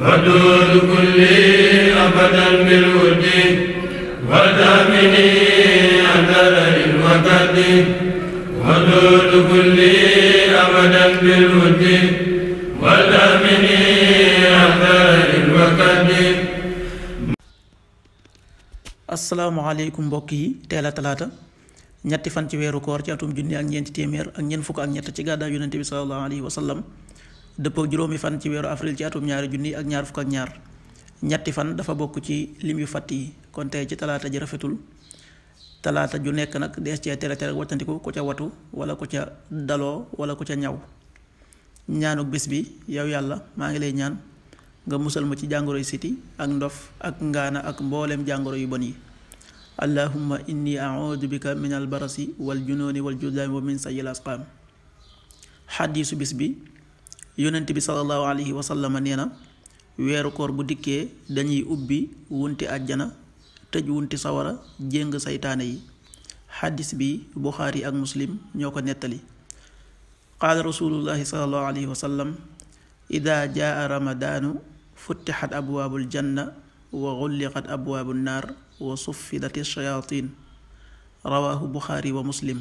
ودود كلي أبدا بالود وتامني أدر الوتد ودود كلي أبدا بالود وتامني أدر الوتد asalaamaaleykum mbokk yi teel a talaata ñetti fan ci weeru koor ci atum junni ak ñeenti téeméer ak ñeent fukk ak ñett ci gàddaay yonente bi sallallahu alayhi wa dëppoo juróomi fan ci weeru avril ci atum ñaari junni ak ñaar fukk ak ñaar ñetti fan dafa bokk ci lim yu fatt yi kon tey ci talaata ji rafetul talaata ju nekk nag dees cee tere tere wattandiku ku ca watu wala ko ca daloo wala ko ca ñaw ñaanu bis bi yow yàlla maa ngi lay ñaan nga musal ma ci jàngoro yu siti ak ndof ak ngaana ak mbooleem jàngoro yu bon yi allahumma inni audu bika min albarasi wal junooni wal juddaami wa min sayil asqaam xaddiisu bis bi yonent bi sallallahu alayhi wa sallam nee na weeru koor bu dikkee dañuy ubbi wunti àjjana tëj wunti sawara jéng saytaane yi xaddis bi buxaari ak muslim ñoo ko nettali qaala rasulullahi sallallahu alayhi wa sallam jaa ramadaanu futtixat abwaabul janna wa xulliqat abwaabu naar wa suffidati shayatin rawaahu buxaari wa muslim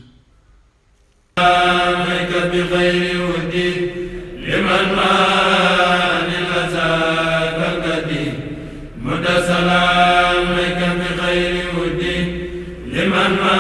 man